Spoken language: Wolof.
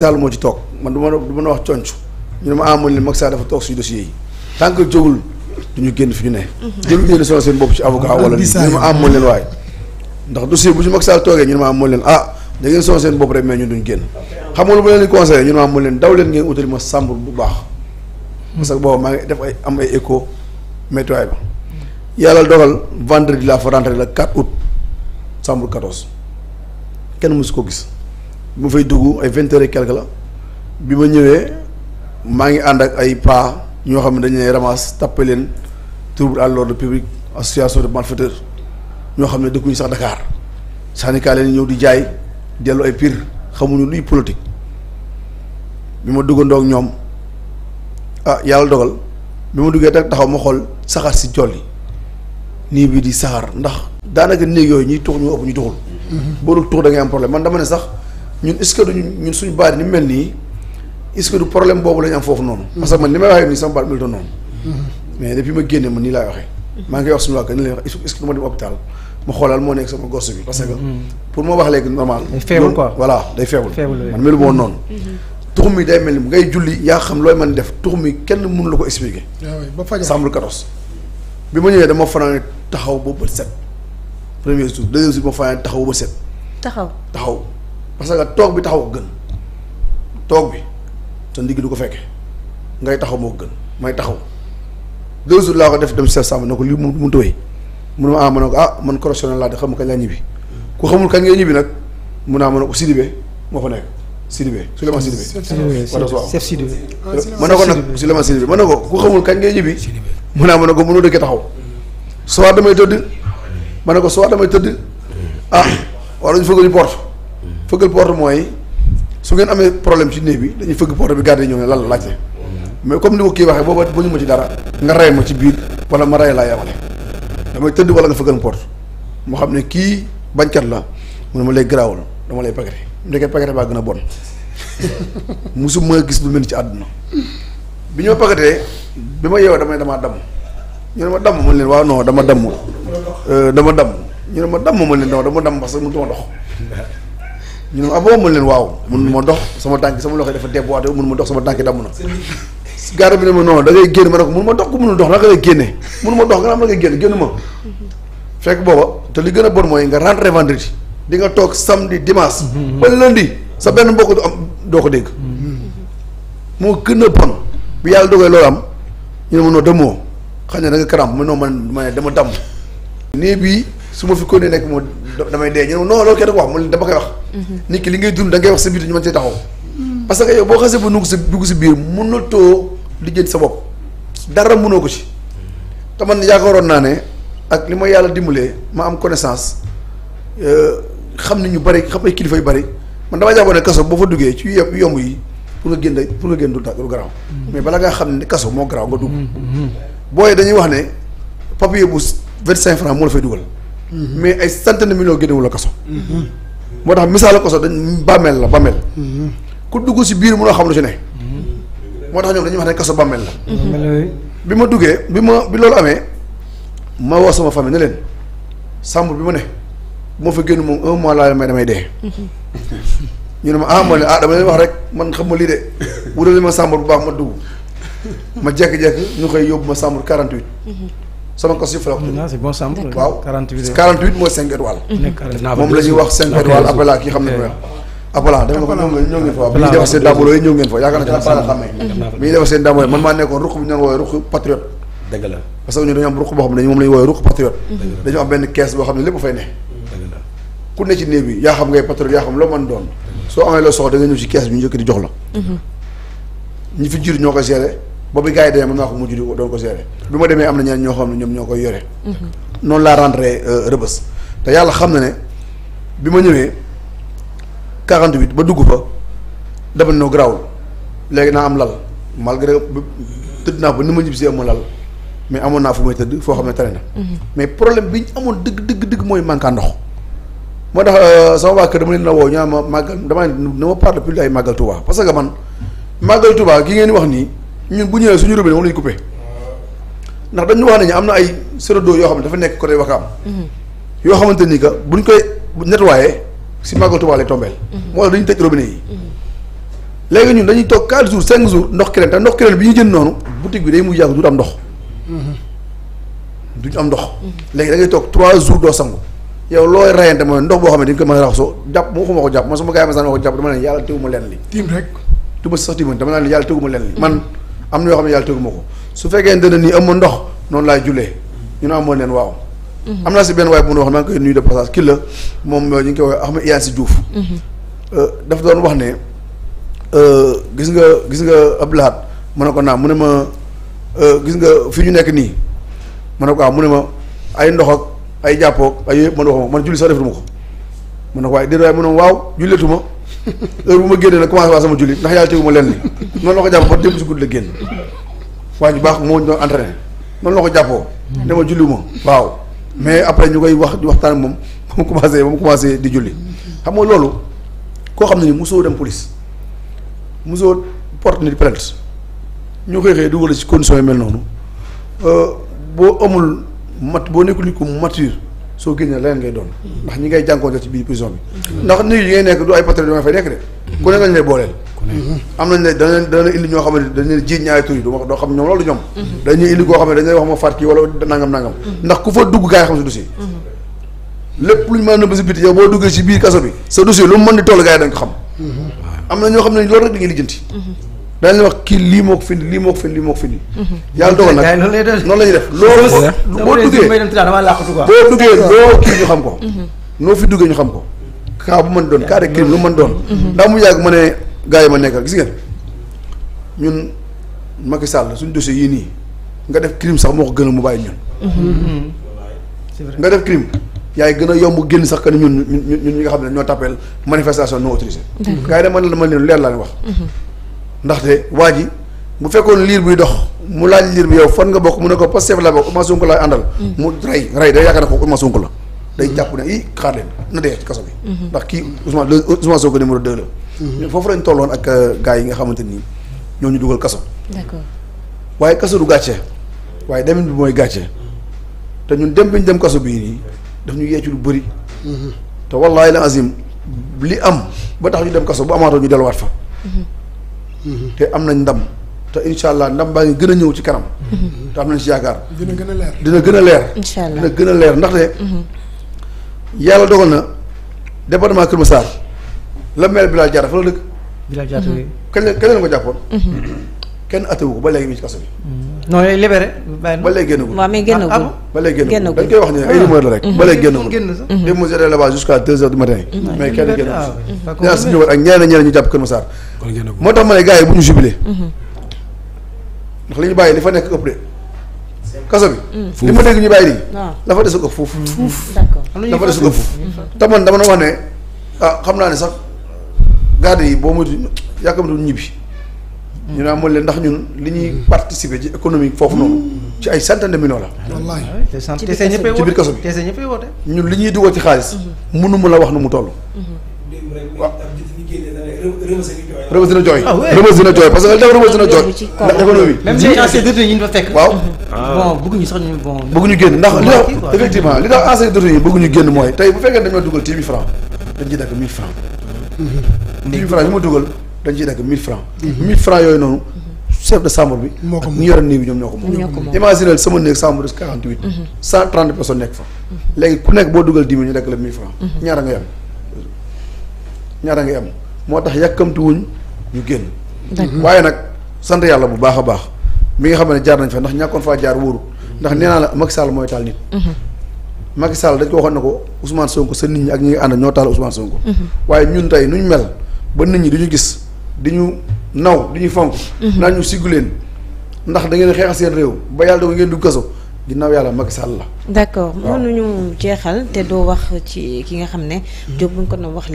Sall moo ci toog du ma du mën a wax conc ñu ne ma amoon ah, leen Macky dafa toog suñu dossier yi tant que jógul génn fi ñu ne jël ngeen sonal seen bopp ci avocat wala ñu ne ma amoon ah, leen waaye ndax dossier bu ci Macky Sall toogee ñu ne ma amoon ah, leen ah da ngeen sonal seen bopp rek mais ñun duñu génn xam nga lu ma leen di conseillé ñu ne ma amoon leen daw leen ngeen utali ma sàmbur bu baax parce que maa ngi def ay am ay écho météo ba yàlla dogal vendredi la fa rentré la 4 août sàmbur 14 kenn mosu ko gis bi ma fay dugg ay vingt heures quelque la bi ma ñëwee maa ngi ànd ak ay pas ñoo xam ne dañu lay ramasse tàppe leen trouble à l'ordre public association de malfaiteurs ñoo xam ne dëkkuñu sax Dakar syndicat leen ñëw di jaay dellu ay pire xamuñu luy politique bi ma duggandoo ak ñoom ah yàlla dogal bi ma duggee rek taxaw ma xool saxaar si jol yi nii bii di saxaar ndax daanaka néeg yooyu ñuy tux ñu ëpp ñu tuxul mm-hmm. boo dul tux da ngay am problème man dama ne sax ñun est-ce que duñu ñun suñu baat ni mel nii est-ce boobu la foofu noonu. Mm-hmm. parce que man li may waxee nii sama baat mel doon noonu. Mm-hmm. mais depuis ma génne man nii laay waxee. maa ngi wax suñu waa kër ni lay wax est-ce que du ma dem hôpital ma xoolal moo nekk sama gorsu bi. parce que mm-hmm. pour ma wax léegi normal. day feebul quoi voilà day feebul. man melu ma noonu. tuxum mi day mel ni ngay julli yaa xam looy mën def tuxum mi kenn mënu la ko expliquer. Ah ba fajar sàmm bi ma ñëwee dama fanaan taxaw ba bët set premier jour taxaw ba bët taxaw taxaw. parce que toog bi taxaw ko gën toog bi sa ndigg du ko fekke ngay taxaw moo gën may taxaw deux jours laa ko def dem chef sàmm na ko lii mu mu tëwee mun ma ah ma ne ko ah man correctionnel laa de xam nga kañ laa ñibbi ku xamul kañ ngay ñibbi nag mun naa ma ne ko Sidibé moo fa nekk Sidibé Souleymane Sidibé. chef Sidibé ah, mën na ko nag Souleymane Sidibé mën na ko ku xamul kañ ngay ñibbi mun naa ma a ko mënoo dëkkee taxaw soit damay tëdd ma ne ko soit damay tëdd ah wala ñu fëgg ñu porte fëggal porte mooy su ngeen amee problème ci néeg bi dañuy fëgg porte bi garde ñëw ne lan la laajte mais comme ni ko kii waxee booba bu ñu ma ci dara nga rey ma ci biir wala ma rey laa yemale damay tëdd wala nga fëggal porte moo xam ne kii bañkat la mu ma lay garaawul dama lay pagate ndeke pagate baa gën a bon musu ma gis lu mel ci àdduna bi ñoo pagatee bi ma yeewoo damay damaa damm ñu ne ma damm ma leen waaw non dama euh, dama damm ñu ne ma dam ma leen dama dama damm parce que mënutuma dox ñu ne ma ah bon mën leen waaw mun ma dox sama tànk sama loxo dafa déboîté mun ma dox sama tànk damm na gaara bi ne ma non da ngay génn ma ne ma dox ko mënul dox naka lay génne mun te li gën a bon mooy nga rentré vendredi di nga toog samedi dimanche mhm. ba lundi sa benn mbokk du doo ko dégg mhm. moo gën a bon bu yàlla dogoy loolu am ñu ne ma noo demoo xam ne da nga karam man ma dama damm nii bii su ma fi ko nekk moo damay dee ñu ne non loolu kenn ko wax man dama koy wax. Mhm. nit ki li ngay dund da ngay wax sa biir ñu mën cee taxaw. Mhm. parce que boo xasee ba nu sa dugg si biir mënatoo lijjanti sa bopp dara munoo ko ci. te man yaakaaroon naa ne ak li ma yàlla dimbalee ma am connaissance euh, xam ni ñu bari xam ay kilifa yu bari man damaa jàppoon ne kaso boo fa duggee ci yomb yi pour nga génn pour nga génn du da garaaw. Mhm. mais bala ngaa xam ne kaso moo garaaw nga dugg. booy dañuy wax ne papier bu vingt cinq francs moo la Mm-hmm. mais ay centaine de millions génnewu la kaso. Mm-hmm. moo tax misaal kaso dañ bàmmeel la bàmmeel. Mm-hmm. ku dugg si biir mënoo xam lu ci ne. moo tax ñoom dañuy wax ne kaso bàmmeel la. bi ma duggee bi ma bi loolu amee ma woo sama famille ne leen sàmm bi ma ne moo fa génn moom un mois laa may damay dee. ñu ne ma ah ma ne ah dama wax rek man xam ma lii de wutal ma sàmm bu baax ma dugg ma jékki-jékki ñu koy yóbbu ma sàmm 48. Sonacos yi fa la wax. c'est bon sample. waaw 48 48 mooy 5 étoiles. moom la wax 5 étoiles appelé ki xam ne mooy. Apala dem ngeen fa bi ñuy defar seen dàmbaloo yi ñëw ngeen fa yaakaar naa ci la xamee bi ñuy defar seen dàmbaloo man ruq bi parce que ñu dañu am ruq boo xam ne moom la ñuy ruq patriote dañu am benn kees boo xam ne lépp fay ne ku ne ci néeg bi yaa xam ngay patriote yaa xam loo mën doon soo amee loo soxla da ñëw ci boobu gars yi demee mën naa ko mujj di doon ko gérer bi ma demee am na ñeneen ñoo xam ne ñoom ñoo koy yore. Mhm. noonu laa rentré euh, Rebeuss te yàlla xam na ne bi ma ñëwee 48 ba dugg fa dama ne garaawul léegi naa am lal malgré tëdd naa ko ni ma ñibbisi amul lal mais amoon naa fu may tëdd foo xam ne tane na. Mhm. mais problème bi ñu amoon dëgg dëgg dëgg mooy manque ndox. moo tax euh, sama waa kër dama leen la woo ñu ma màggal damaa ne dama parle plus ay parce que man màggal Touba gi ngeen wax nii. ñun bu ñëwee suñu robinet moom la ñu coupé ndax dañu wax nañu am na ay sereau d'eau yoo xam ne dafa nekk côté Wakaam. Mhm. yoo xamante ni que buñ koy nettoyé si mhm. màggal Tuubaa lay tombeel. moo mhm. tax dañuy tëj robinet yi. léegi ñun dañuy toog 4 jours 5 jours ndox keneen te ndox keneen bi ñu jënd noonu boutique bi day mujj yàgg du am ndox. léegi da ngay toog 3 jours doo sangu. yow looy rayante mooy ndox boo xam ne dañ ko mën a raxasoo jàpp moo xuma ko jàpp man sama ma ma man am na yoo xam ne yàlla tegu ko su fekkee ne dana nii am ma ndox noonu laay jullee ñu ne amoon leen waaw. Mhm. am naa si benn waay bu ñu wax maa ngi koy nuyu de passage kii la wax Ahmed si Diouf. Mhm. Euh, daf doon wax ne euh, gis nga gis nga Abdoulahat ma ne mu ne ma euh, gis nga fi ñu nekk nii ma ne ko ah mu ne ma ay ndox ak ay jàppook ay ma man waxuma man julli sax defuma ko ma ne ko waaye déedéet waaye mu ne waaw julleetuma heure bu ma génnee na commencé waa sama julli ndax yàlla tegu ma lenn noonu la ko jàpp ba démb si guddi la génn waa ñu baax moo ñu doon entraîné noonu la ko jàppoo ne julli ma waaw mais après ñu koy wax di waxtaan moom ba mu commencé ba mu commencé di julli xam nga loolu koo xam ne ni mosoo dem police mosoo porte ni plainte ñu xëy xëy dugal ci condition yi mel noonu euh, boo amul mat boo nekkul nit ku mature soo génnee leneen ngay doon ndax ñi ngay jànkoonte ci biir prison bi ndax nit ñi ngay nekk du ay patriote dama fay nekk de ku ne lañ lay booleel am nañ ne dana dana indi ñoo xam ne dañ leen jiiñ ñaari tur yi du ma doo xam ñoom loolu ñoom dañuy indi koo xam ne dañ lay wax ma far kii wala nangam nangam ndax ku fa dugg gaa yi xam sa dossier lépp lu ñu mën a nëbb si biti yow boo duggee si biir kaso bi sa dossier lu mu mën di toll gaa yi dañ ko xam am na ñoo xam ne loolu rek da ngay lijjanti dañ la wax kii lii moo ko fi lii moo ko fi lii moo ko fi. yàlla dogal nag noonu la ñuy def loo boo duggee boo duggee kii ñu xam ko mhm. noo fi duggee ñu xam ko cas bu mën doon cas de lu mën doon mhm. Mhm. ndax mu yàgg ma ne gars yi ma nekkal gis ngeen ñun Macky Sall suñu dossier yii nii nga def crime sax moo ko gën a mu bàyyi ñun nga def crime yaay gën a yomb génn sax que ni ñun ñun ñun ñi nga xam ne ñoo tàppeel manifestation non autorisée gars yi da man la ma leen leer laa ne ndaxte waa ji bu fekkoon liir buy dox mu laaj liir bi yow fan nga bokk mu ne ko Pastef la bokk Ousmane Sonko laay àndal. mu rey rey day yaakaar ne ko Ousmane Sonko la. day jàpp ne i xaar leen na dee ci kaso bi. Mhm. ndax kii Ousmane Ousmane Sonko numéro 2 la. Mhm. foofu lañ euh, nga xamante ni ñoo ñu dugal kaso. d'accord waaye kaso du gàcce waaye demin bi mooy gàcce te ñun dem bi ñu dem kaso bii nii daf ñu yee lu bëri. Mhm. te wallaahi la azim li am ba tax ñu dem kaso bu amaatoo ñu delluwaat fa. te am nañ ndam te incha ndam baa ngi gën a ñëw ci kanam. Mm-hmm. te am nañ ci yaakaar. dina gën a leer dina gën a leer. incha allah dina a leer ndaxte. Mm-hmm. yàlla dogal na département Kër Massar la mel Bilal Diatta fa la dëkk. Bilal Diatta mm-hmm. kañ ko jàppoon. kenn atewu ko ba léegi mi ci kaso bi. Mm. non yooyu libéré. ba léegi génnagul waaw mais génnagul ah, ah mm-hmm. ba léegi génnagul dañ koy wax ne ay rumeur la rek. ba léegi génnagul démb mu génne là-bas jusqu'à deux heures du matin. Mm-hmm. mais kenn génnagul ah, si. ñaar si ñëwoon ak ñeneen ñeneen ñu jàpp Kër Massar. moo tax ma ne gars yi bu ñu jubilé. Mm-hmm. ndax li ñu bàyyi li fa nekk ëpp de. kaso bi. Mm. li ma dégg ñu bàyyi nii. la fa des a ëpp foofu. d'accord la fa des a ëpp foofu. te man dama na wax ne ah xam naa ne sax garde yi boo moytu yàkkamtu ñibbi ñu ne amoon leen ndax ñun li ñuy participer ci économique foofu noonu. ci ay centaine de millions la. wallaahi ci biir kaso bi te ñëppay woote ñun li ñuy dugal ci xaalis. mënu la wax na mu toll. waaw. remise dina jooy. remise dina ah jooy parce que def remise dina jooy. ndax économie. même si ancien ñu fa waaw. Ah. bon ñu génn ndax li tax effectivement li tax ancien détenu yi bëgguñu mooy tey bu fekkee dañoo dugal ci 1000 francs dañ ciy francs yi ma dugal dañ ciy dagg 1000 francs 1000 francs yooyu noonu chef de chambre bi ak ñu yore néew bi ñoom ñoo ko moom imaginel sama néeg chambre de 48 130 mhm. personnes nekk fa léegi ku nekk boo dugal 10 ñu dagg la 1000 francs mhm. ñaata ngay am ñaata ngay am moo tax yàkkamti wuñ ñu génn waaye nag sant yàlla bu baax a baax mi nga xam ne jaar nañ fa ndax ñàkkoon faa jaar wóoru ndax nee naa la Macky Sall mooy taal nit mhm. Macky Sall dañ ko waxoon ne ko Ousmane Sonko sa nit ñi ak ñi nga ànd ñoo taal Ousmane Sonko waaye ñun di ñu naw di ñu fonk. Mhm. naa ñu siggu leen ndax da ngeen xeexal seen réew ba yàlla dogal ngeen dugg kaso ginnaaw yàlla Macky Sall la. d'accord mënuñu jeexal te doo wax ci ki nga xam ne. Mhm. Diop buñ ko doon wax.